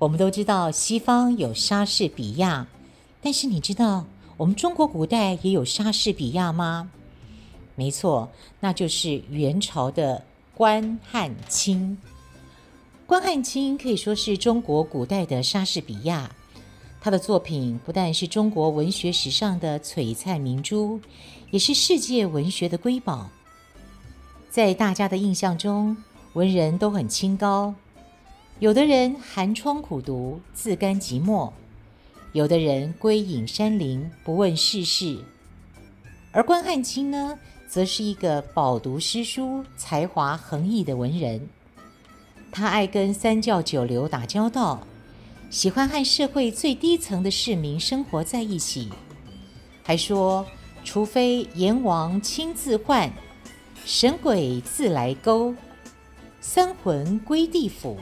我們都知道西方有莎士比亞，但是你知道我們中國古代也有莎士比亞嗎？沒錯，那就是元朝的關漢卿。關漢卿可以說是中國古代的莎士比亞，他的作品不但是中國文學史上的璀璨明珠，也是世界文學的瑰寶。在大家的印象中，文人都很清高。有的人寒窗苦讀，自甘寂寞；有的人歸隱山林，不問世事。而關漢卿呢，則是一個飽讀詩書、才華橫溢的文人。他愛跟三教九流打交道，喜歡和社會最低層的市民生活在一起。還說：“除非閻王親自喚，神鬼自來勾，三魂歸地府。”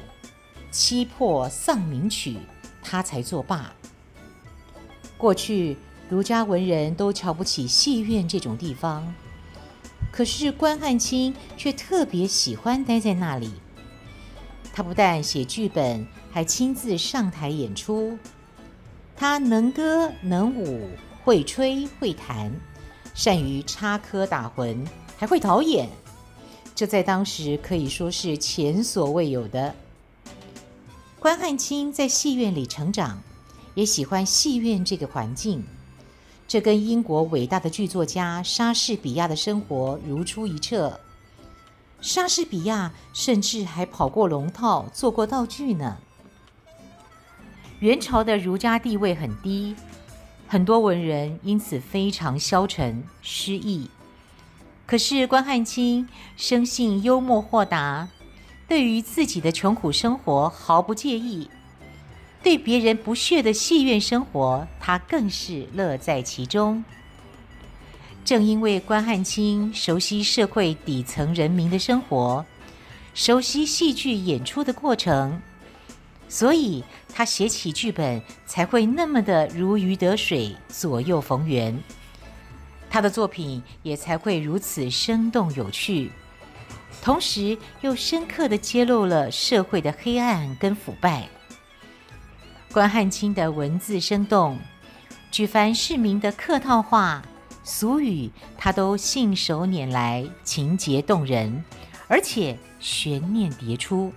《七破喪民曲》，他才作罷。過去，儒家文人都瞧不起戲院這種地方，可是關漢卿卻特別喜歡待在那裡。他不但寫劇本，還親自上台演出。他能歌能舞，會吹會彈，善於插科打諢，還會導演。這在當時可以說是前所未有的。關漢卿在戲院裡成長，也喜歡戲院這個環境，這跟英國偉大的劇作家莎士比亞的生活如出一轍。莎士比亞甚至還跑過龍套，做過道具呢。元朝的儒家地位很低，很多文人因此非常消沉、失意。可是關漢卿生性幽默豁達。對於自己的窮苦生活毫不介意，對別人不屑的戲院生活，他更是樂在其中。正因為關漢卿熟悉社會底層人民的生活，熟悉戲劇演出的過程，所以他寫起劇本才會那麼的如魚得水，左右逢源。他的作品也才會如此生動有趣。同時，又深刻地揭露了社會的黑暗跟腐敗。關漢卿的文字生動，舉凡市民的客套話、俗語，他都信手拈來，情節動人，而且懸念迭出。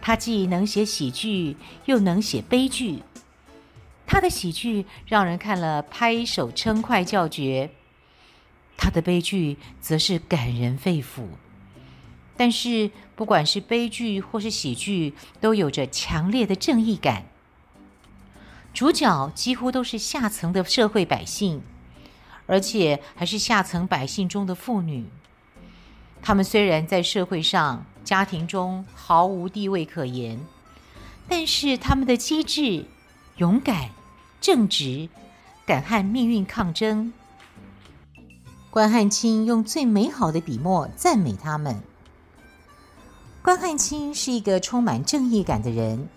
他既能寫喜劇，又能寫悲劇。他的喜劇讓人看了拍手稱快、叫絕；他的悲劇則是感人肺腑。但是，不管是悲劇或是喜劇，都有着強烈的正義感。主角幾乎都是下層的社會百姓，而且還是下層百姓中的婦女。他們雖然在社會上、家庭中毫無地位可言，但是他們的機智、勇敢、正直，敢和命運抗爭。關漢卿用最美好的筆墨讚美他們。關漢卿是一個充滿正義感的人，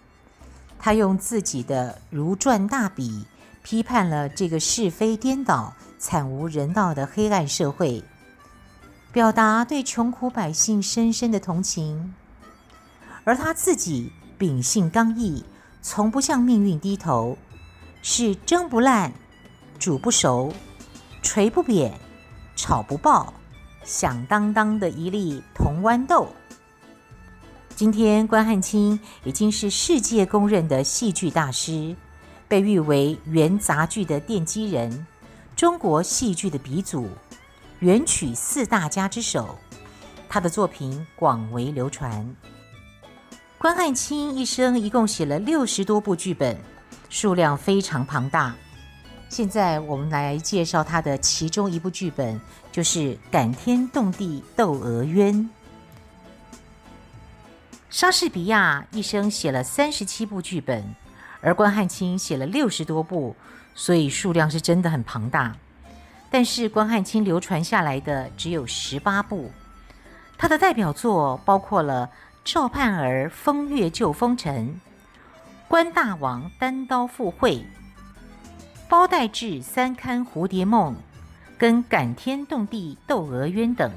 他用自己的如椽大筆批判了這個是非顛倒、慘無人道的黑暗社會，表達對窮苦百姓深深的同情。而他自己秉性剛毅，從不向命運低頭，是蒸不爛、煮不熟、捶不扁、炒不爆、響噹噹的一粒銅豌豆。今天，關漢卿已經是世界公認的戲劇大師，被譽為元雜劇的奠基人，中國戲劇的鼻祖，元曲四大家之首。他的作品廣為流傳。關漢卿一生一共寫了六十多部劇本，數量非常龐大。現在我們來介紹他的其中一部劇本，就是《感天動地竇娥冤》。莎士比亞一生寫了三十七部劇本，而關漢卿寫了六十多部，所以數量是真的很龐大。但是關漢卿流傳下來的只有十八部，他的代表作包括了《趙盼兒風月救風塵》《關大王單刀赴會》《包待制三勘蝴蝶夢》跟《感天動地竇娥冤》等。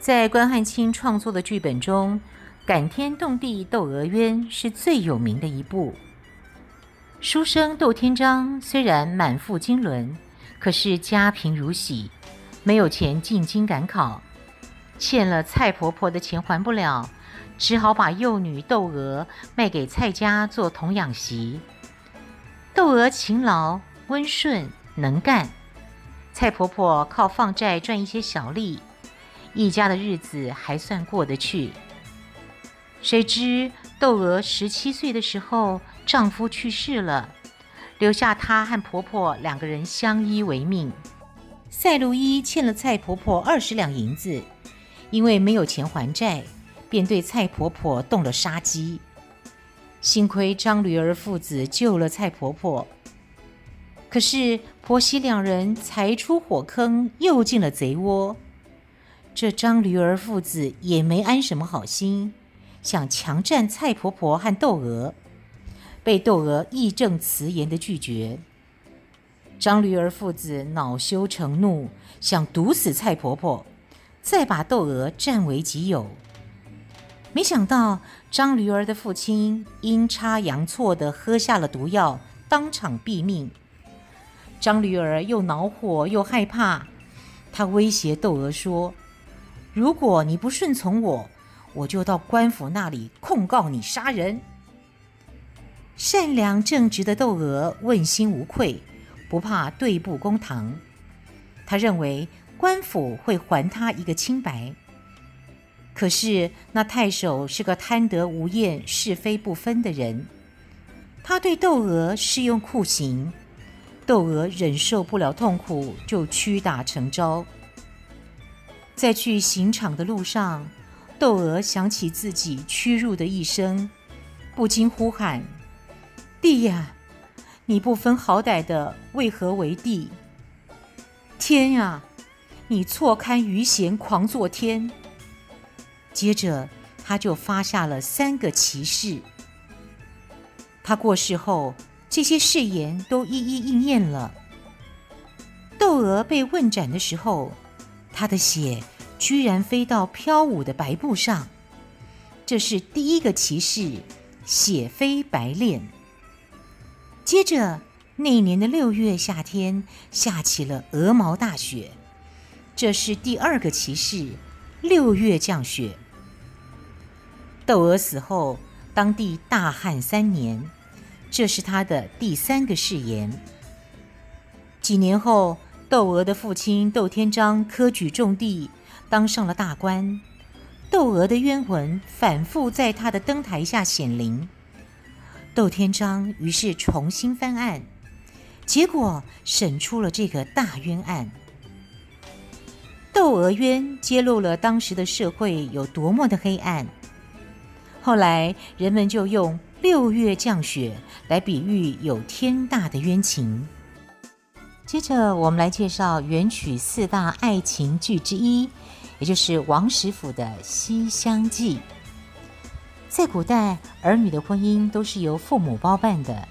在關漢卿創作的劇本中，感天動地《竇娥冤》是最有名的一部。書生竇天章雖然滿腹經綸，可是家貧如洗，沒有錢進京趕考，欠了蔡婆婆的錢還不了，只好把幼女竇娥賣給蔡家做童養媳。竇娥勤勞、溫順、能幹，蔡婆婆靠放債賺一些小利，一家的日子還算過得去。誰知竇娥十七歲的時候，丈夫去世了，留下她和婆婆兩個人相依為命。賽盧醫欠了蔡婆婆二十兩銀子，因為沒有錢還債，便對蔡婆婆動了殺機。幸虧張驢兒父子救了蔡婆婆，可是婆媳兩人才出火坑，又進了賊窩。這張驢兒父子也沒安什麼好心。想強占蔡婆婆和竇娥，被竇娥義正辭嚴地拒絕。張驢兒父子惱羞成怒，想毒死蔡婆婆，再把竇娥占為己有。沒想到張驢兒的父親陰差陽錯地喝下了毒藥，當場斃命。張驢兒又惱火又害怕，他威脅竇娥說：“如果你不順從我，”我就到官府那裡控告你殺人。善良正直的竇娥問心無愧，不怕對簿公堂。她認為官府會還她一個清白。可是那太守是個貪得無厭、是非不分的人，他對竇娥施用酷刑，竇娥忍受不了痛苦，就屈打成招。在去刑場的路上，竇娥想起自己屈辱的一生，不禁呼喊：“地呀，你不分好歹的，為何為地？天呀、啊，你錯勘余賢，狂作天！”接着，他就發下了三個奇誓。他過世後，這些誓言都一一應驗了。竇娥被問斬的時候，他的血。居然飛到飄舞的白布上，這是第一個騎士，血飛白練。接着那一年的六月夏天下起了鵝毛大雪，這是第二個騎士，六月降雪。竇娥死後，當地大旱三年，這是他的第三個誓言。幾年後，竇娥的父親竇天章科舉中第。當上了大官，竇娥的冤魂反覆在他的燈台下顯靈，竇天章於是重新翻案，結果審出了這個大冤案。竇娥冤揭露了當時的社會有多麼的黑暗，後來人們就用六月降雪來比喻有天大的冤情。接着，我們來介紹元曲四大愛情劇之一。也就是王實甫的《西廂記》。在古代，兒女的婚姻都是由父母包辦的，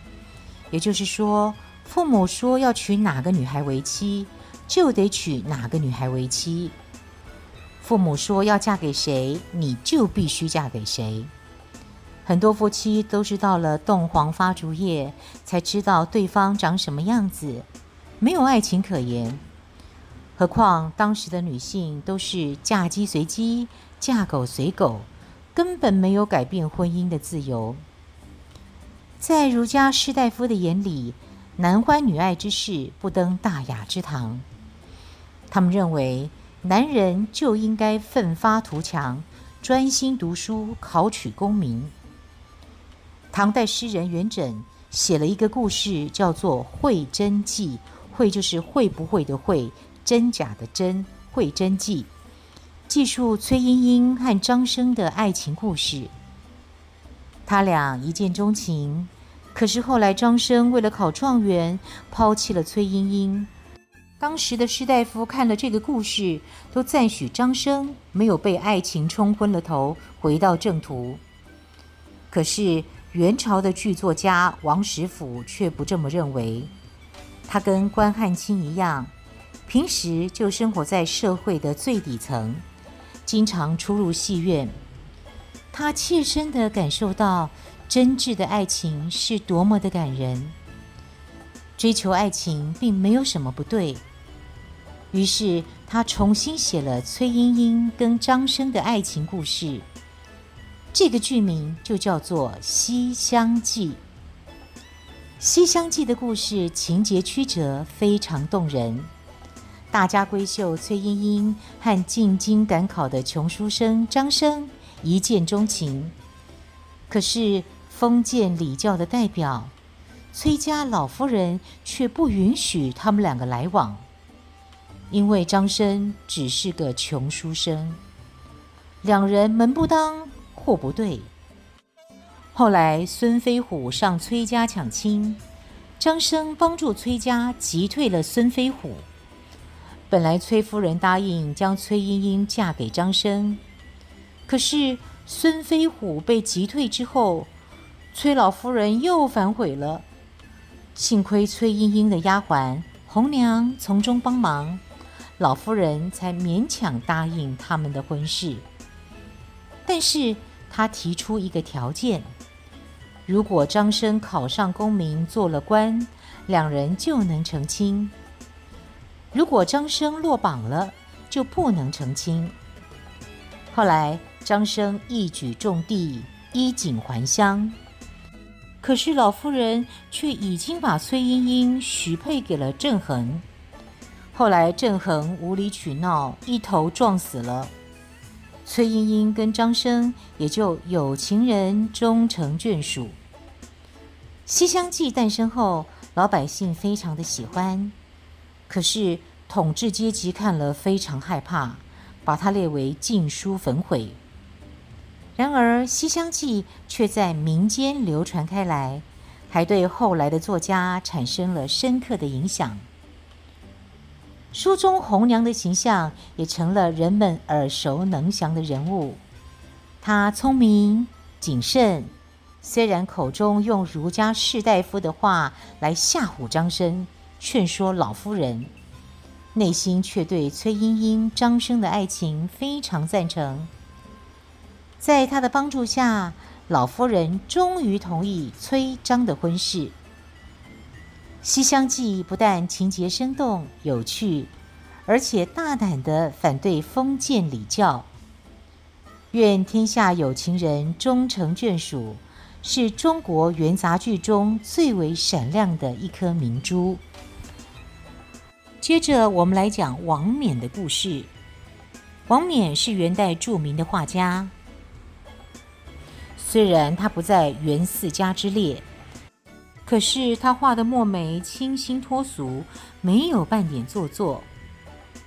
也就是說，父母說要娶哪個女孩為妻，就得娶哪個女孩為妻；父母說要嫁給誰，你就必須嫁給誰。很多夫妻都是到了洞房花燭夜，才知道對方長什麼樣子，沒有愛情可言。何況當時的女性都是嫁雞隨雞，嫁狗隨狗，根本沒有改變婚姻的自由。在儒家士大夫的眼裡，男歡女愛之事不登大雅之堂。他們認為男人就應該奮發圖強，專心讀書，考取功名。唐代詩人元稹寫了一個故事，叫做《會真記》。會就是會不會的會。《真假的真》《會真記》記述崔鶯鶯和張生的愛情故事。他倆一見鍾情，可是後來張生為了考狀元，拋棄了崔鶯鶯。當時的士大夫看了這個故事，都贊許張生沒有被愛情沖昏了頭，回到正途。可是元朝的劇作家王實甫卻不這麼認為，他跟關漢卿一樣。平時就生活在社會的最底層，經常出入戲院，他切身地感受到真摯的愛情是多麼的感人。追求愛情並沒有什麼不對，於是他重新寫了崔鶯鶯跟張生的愛情故事，這個劇名就叫做《西廂記》。《西廂記》的故事情節曲折，非常動人。大家閨秀崔鶯鶯和進京趕考的窮書生張生一見鍾情，可是封建禮教的代表崔家老夫人卻不允許他們兩個來往，因為張生只是個窮書生，兩人門不當戶不對。後來孫飛虎上崔家搶親，張生幫助崔家擊退了孫飛虎。本來崔夫人答應將崔鶯鶯嫁給張生，可是孫飛虎被擊退之後，崔老夫人又反悔了。幸虧崔鶯鶯的丫鬟紅娘從中幫忙，老夫人才勉強答應他們的婚事。但是她提出一個條件：如果張生考上功名做了官，兩人就能成親。如果張生落榜了，就不能成親。後來張生一舉中第，衣錦還鄉。可是老夫人卻已經把崔鶯鶯許配給了鄭恆。後來鄭恆無理取鬧，一頭撞死了。崔鶯鶯跟張生也就有情人終成眷屬。《西廂記》誕生後，老百姓非常的喜歡。可是統治階級看了非常害怕，把它列為禁書焚毀。然而《西廂記》卻在民間流傳開來，還對後來的作家產生了深刻的影響。書中紅娘的形象也成了人們耳熟能詳的人物。她聰明謹慎，雖然口中用儒家士大夫的話來嚇唬張生。勸說老夫人，內心卻對崔鶯鶯、張生的愛情非常贊成。在他的幫助下，老夫人終於同意崔張的婚事。《西廂記》不但情節生動有趣，而且大膽地反對封建禮教。願天下有情人終成眷屬，是中國元雜劇中最為閃亮的一顆明珠。接着我們來講王冕的故事。王冕是元代著名的畫家，雖然他不在元四家之列，可是他畫的墨梅清新脫俗，沒有半點做作，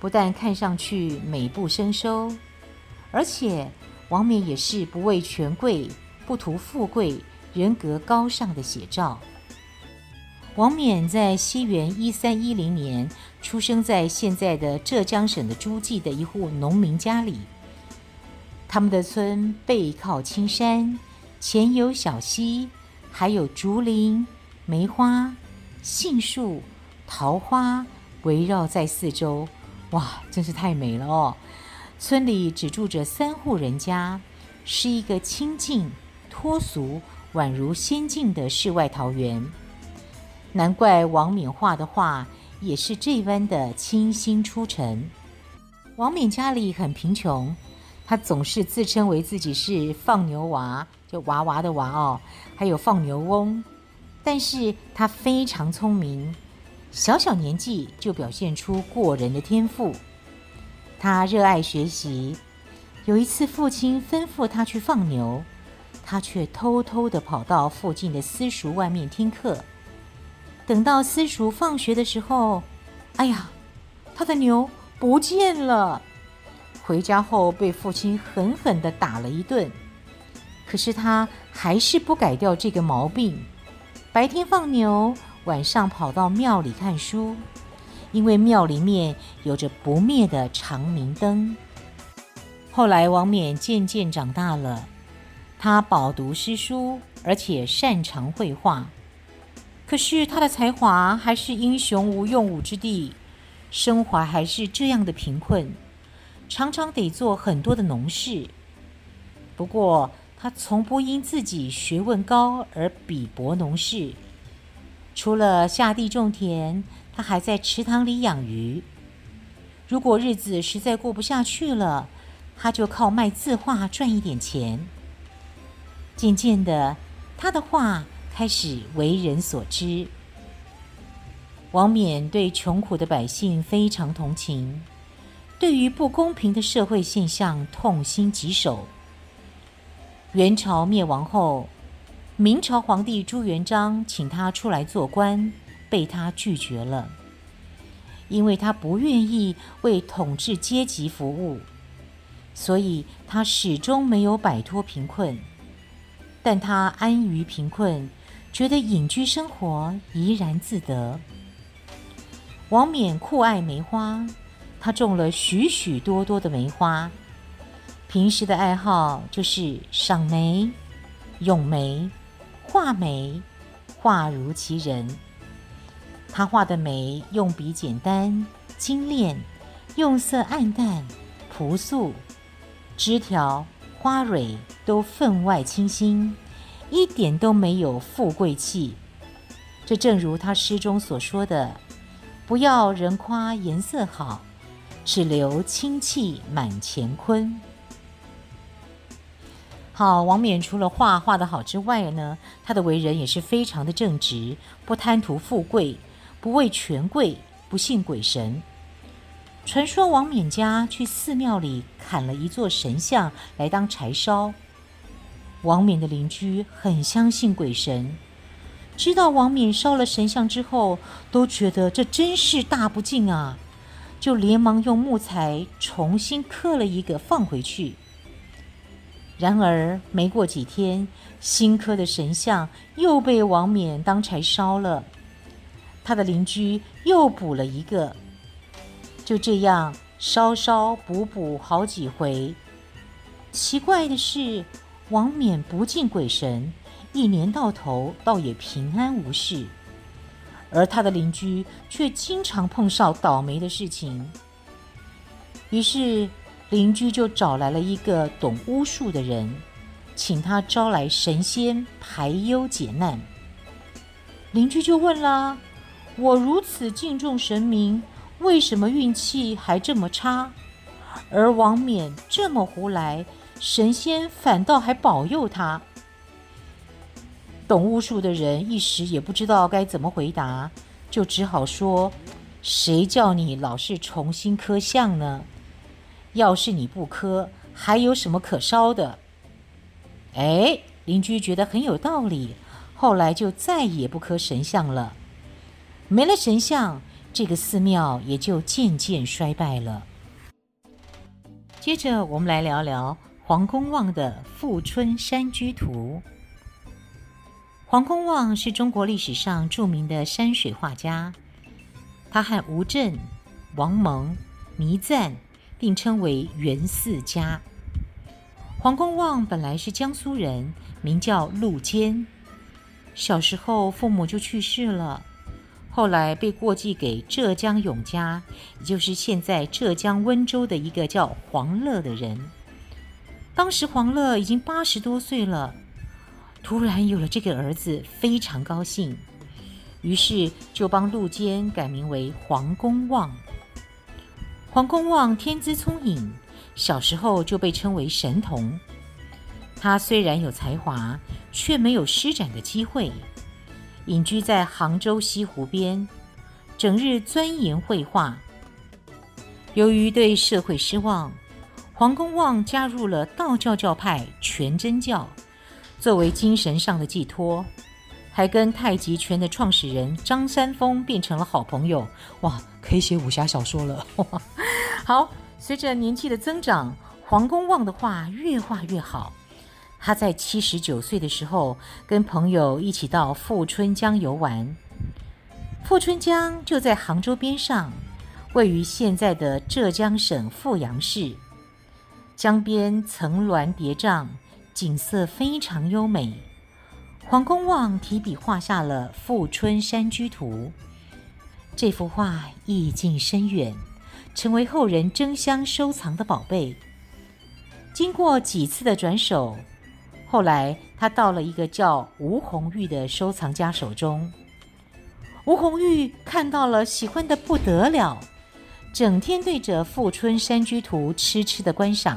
不但看上去美不勝收，而且王冕也是不畏權貴、不圖富貴、人格高尚的寫照。王冕在西元一三一零年，出生在現在的浙江省的諸暨的一戶農民家裡，他們的村背靠青山，前有小溪，還有竹林、梅花、杏樹、桃花圍繞在四周，哇，真是太美了哦！村裡只住着三戶人家，是一個清靜脫俗、宛如仙境的世外桃源，難怪王冕畫的畫。也是這般的清新出塵。王冕家裡很貧窮，他總是自稱為自己是放牛娃，就娃娃的娃哦，還有放牛翁。但是他非常聰明，小小年紀就表現出過人的天賦。他熱愛學習，有一次父親吩咐他去放牛，他卻偷偷的跑到附近的私塾外面聽課。等到私塾放學的時候，哎呀，他的牛不見了。回家後被父親狠狠地打了一頓。可是他還是不改掉這個毛病，白天放牛，晚上跑到廟裡看書，因為廟裡面有着不滅的長明燈。後來王冕漸漸長大了，他飽讀詩書，而且擅長繪畫。可是他的才華還是英雄無用武之地，生活還是這樣的貧困，常常得做很多的農事。不過他從不因自己學問高而鄙薄農事。除了下地種田，他還在池塘裡養魚。如果日子實在過不下去了，他就靠賣字畫賺一點錢。漸漸的，他的畫。開始為人所知。王冕對窮苦的百姓非常同情，對於不公平的社會現象痛心疾首。元朝滅亡後，明朝皇帝朱元璋請他出來做官，被他拒絕了，因為他不願意為統治階級服務，所以他始終沒有擺脫貧困，但他安於貧困。覺得隱居生活怡然自得。王冕酷愛梅花，他種了許許多多的梅花，平時的愛好就是賞梅、詠梅、畫梅，畫如其人。他畫的梅用筆簡單精煉，用色暗淡樸素，枝條、花蕊都分外清新。一點都沒有富貴氣，這正如他詩中所說的：“不要人誇顏色好，只留清氣滿乾坤。”好，王冕除了畫畫得好之外呢，他的為人也是非常的正直，不貪圖富貴，不畏權貴，不信鬼神。傳說王冕家去寺廟裡砍了一座神像來當柴燒。王冕的鄰居很相信鬼神，知道王冕燒了神像之後，都覺得這真是大不敬啊，就連忙用木材重新刻了一個放回去。然而沒過幾天，新刻的神像又被王冕當柴燒了，他的鄰居又補了一個，就這樣燒、燒、補補好幾回。奇怪的是，王冕不敬鬼神，一年到頭倒也平安無事，而他的鄰居卻經常碰上倒霉的事情。於是鄰居就找來了一個懂巫術的人，請他招來神仙排憂解難。鄰居就問啦：“我如此敬重神明，為什麼運氣還這麼差？而王冕這麼胡來？”神仙反倒還保佑他。懂巫術的人一時也不知道該怎麼回答，就只好說：“誰叫你老是重新刻像呢？要是你不刻，還有什麼可燒的？”哎，鄰居覺得很有道理，後來就再也不刻神像了。沒了神像，這個寺廟也就漸漸衰敗了。接着，我們來聊聊。黃公望的《富春山居圖》。黃公望是中國歷史上著名的山水畫家，他和吳鎮、王蒙、倪瓚並稱為“元四家”。黃公望本來是江蘇人，名叫陸堅，小時候父母就去世了，後來被過繼給浙江永嘉，也就是現在浙江溫州的一個叫黃樂的人。當時黃樂已經八十多歲了，突然有了這個兒子，非常高興，於是就幫陸堅改名為黃公望。黃公望天資聰穎，小時候就被稱為神童。他雖然有才華，卻沒有施展的機會，隱居在杭州西湖邊，整日鑽研繪繪畫。由於對社會失望，黃公望加入了道教教派全真教，作為精神上的寄托，還跟太極拳的創始人張三豐變成了好朋友。哇，可以寫武俠小說了！哇，好，隨着年紀的增長，黃公望的畫越畫越好。他在七十九歲的時候，跟朋友一起到富春江遊玩。富春江就在杭州邊上，位於現在的浙江省富陽市。江邊層巒疊嶂，景色非常優美。黃公望提筆畫下了《富春山居圖》，這幅畫意境深遠，成為後人爭相收藏的寶貝。經過幾次的轉手，後來他到了一個叫吳洪裕的收藏家手中。吳洪裕看到了，喜歡得不得了。整天對着《富春山居圖》痴痴的觀賞，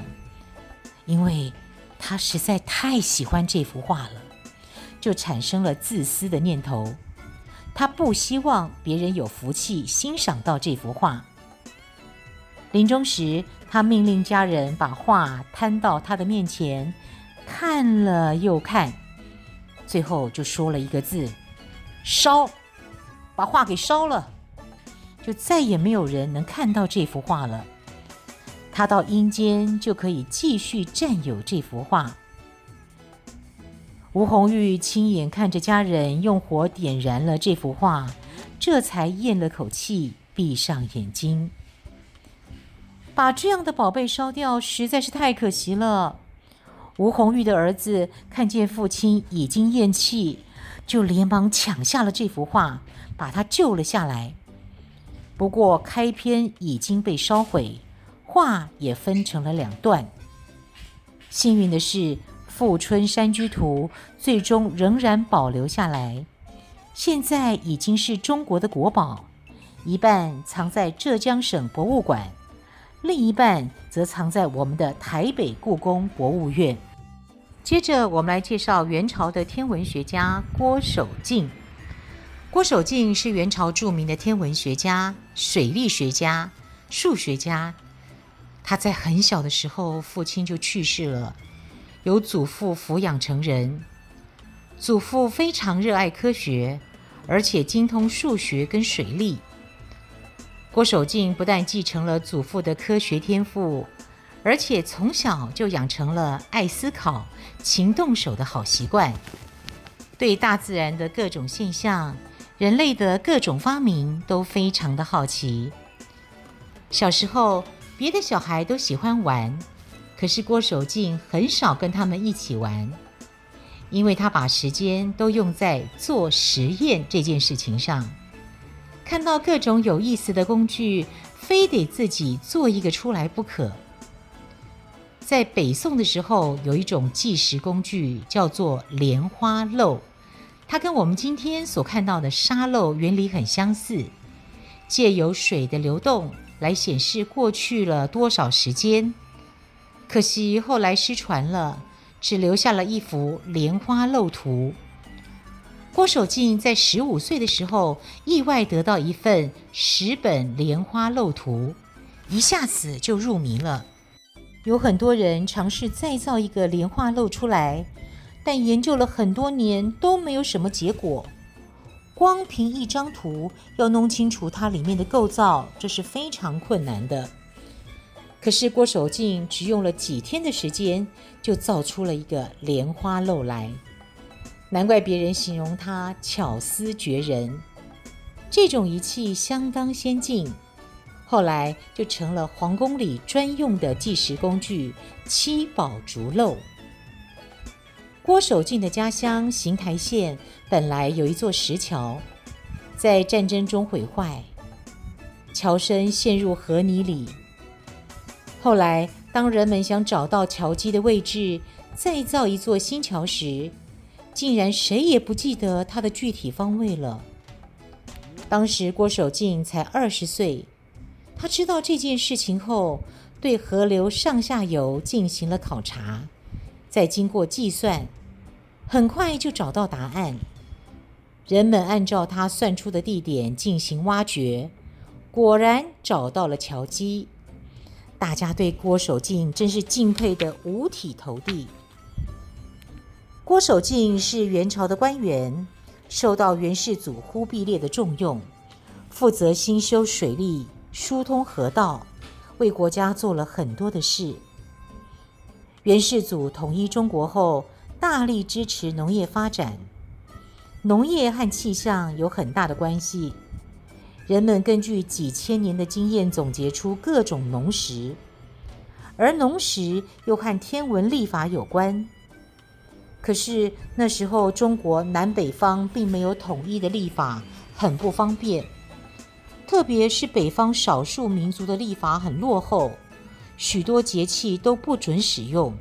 因為他實在太喜歡這幅畫了，就產生了自私的念頭。他不希望別人有福氣欣賞到這幅畫。臨終時，他命令家人把畫攤到他的面前，看了又看，最後就說了一個字：“燒”，把畫給燒了。就再也沒有人能看到這幅畫了。他到陰間就可以繼續占有這幅畫。吳紅玉親眼看着家人用火點燃了這幅畫，這才咽了口氣，閉上眼睛。把這樣的寶貝燒掉實在是太可惜了。吳紅玉的兒子看見父親已經咽氣，就連忙搶下了這幅畫，把他救了下來。不過開篇已經被燒毀，畫也分成了兩段。幸運的是，《富春山居圖》最終仍然保留下來，現在已經是中國的國寶。一半藏在浙江省博物館，另一半則藏在我們的台北故宮博物院。接着，我們來介紹元朝的天文學家郭守敬。郭守敬是元朝著名的天文學家。水利學家、數學家，他在很小的時候，父親就去世了，由祖父撫養成人。祖父非常熱愛科學，而且精通數學跟水利。郭守敬不但繼承了祖父的科學天賦，而且從小就養成了愛思考、勤動手的好習慣，對大自然的各種現象，人類的各種發明都非常的好奇。小時候，別的小孩都喜歡玩，可是郭守敬很少跟他們一起玩，因為他把時間都用在做實驗這件事情上。看到各種有意思的工具，非得自己做一個出來不可。在北宋的時候，有一種計時工具叫做蓮花漏。它跟我們今天所看到的沙漏原理很相似，借由水的流動來顯示過去了多少時間。可惜後來失傳了，只留下了一幅蓮花漏圖。郭守敬在十五歲的時候，意外得到一份十本蓮花漏圖，一下子就入迷了。有很多人嘗試再造一個蓮花漏出來。但研究了很多年都沒有什麼結果，光憑一張圖要弄清楚它裡面的構造，這是非常困難的。可是郭守敬只用了幾天的時間，就造出了一個蓮花漏來。難怪別人形容他巧思絕人。這種儀器相當先進，後來就成了皇宮裡專用的計時工具——七寶竹漏。郭守敬的家鄉邢台縣本來有一座石橋，在戰爭中毀壞，橋身陷入河泥裡。後來，當人們想找到橋基的位置，再造一座新橋時，竟然誰也不記得它的具體方位了。當時郭守敬才二十歲，他知道這件事情後，對河流上下游進行了考察，再經過計算。很快就找到答案。人們按照他算出的地點進行挖掘，果然找到了橋基，大家對郭守敬真是敬佩的五體投地。郭守敬是元朝的官員，受到元世祖忽必烈的重用，負責興修水利、疏通河道，為國家做了很多的事。元世祖統一中國後，大力支持農業發展，農業和氣象有很大的關係。人們根據幾千年的經驗總結出各種農時，而農時又和天文曆法有關。可是那時候中國南北方並沒有統一的曆法，很不方便。特別是北方少數民族的曆法很落後，許多節氣都不準使用。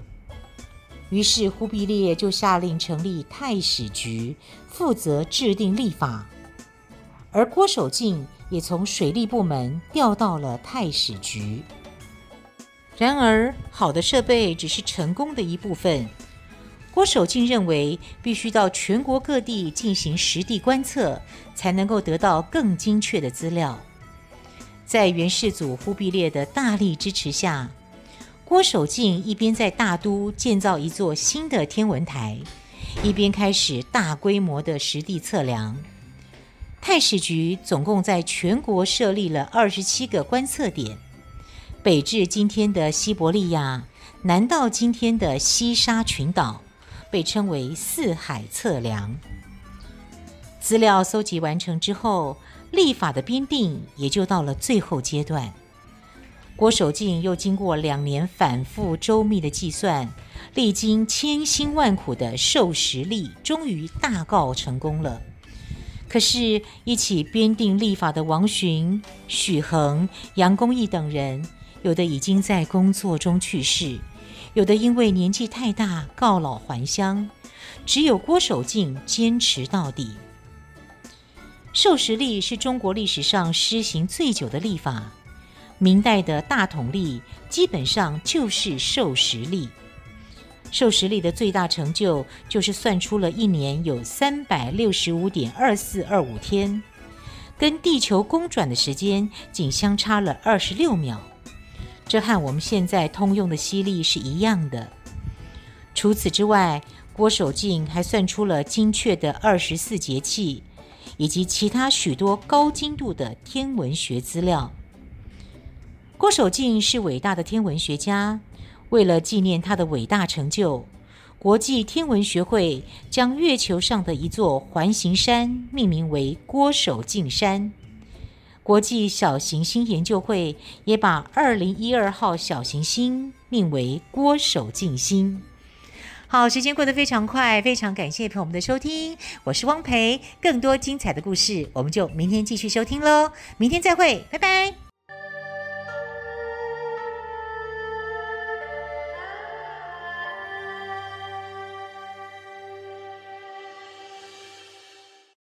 於是，忽必烈就下令成立太史局，負責制定曆法。而郭守敬也從水利部門調到了太史局。然而，好的設備只是成功的一部分。郭守敬認為，必須到全國各地進行實地觀測，才能夠得到更精確的資料。在元世祖忽必烈的大力支持下，郭守敬一邊在大都建造一座新的天文台，一邊開始大規模的實地測量。太史局總共在全國設立了二十七個觀測點，北至今天的西伯利亞，南到今天的西沙群島，被稱為“四海測量”。資料搜集完成之後，曆法的編訂也就到了最後階段。郭守敬又經過兩年反復周密的計算，歷經千辛萬苦的授時曆終於大告成功了。可是，一起編訂曆法的王恂、許衡、楊公懿等人，有的已經在工作中去世，有的因為年紀太大告老還鄉，只有郭守敬堅持到底。授時曆是中國歷史上施行最久的曆法。明代的大統曆基本上就是授時曆，授時曆的最大成就就是算出了一年有三百六十五點二四二五天，跟地球公轉的時間僅相差了二十六秒，這和我們現在通用的西曆是一樣的。除此之外，郭守敬還算出了精確的二十四節氣，以及其他許多高精度的天文學資料。郭守敬是偉大的天文學家，為了紀念他的偉大成就，國際天文學會將月球上的一座環形山命名為郭守敬山。國際小行星研究會也把二零一二號小行星命名為郭守敬星。好，時間過得非常快，非常感謝朋友們的收聽，我是汪蓓。更多精彩的故事，我們就明天繼續收聽嘍，明天再會，拜拜。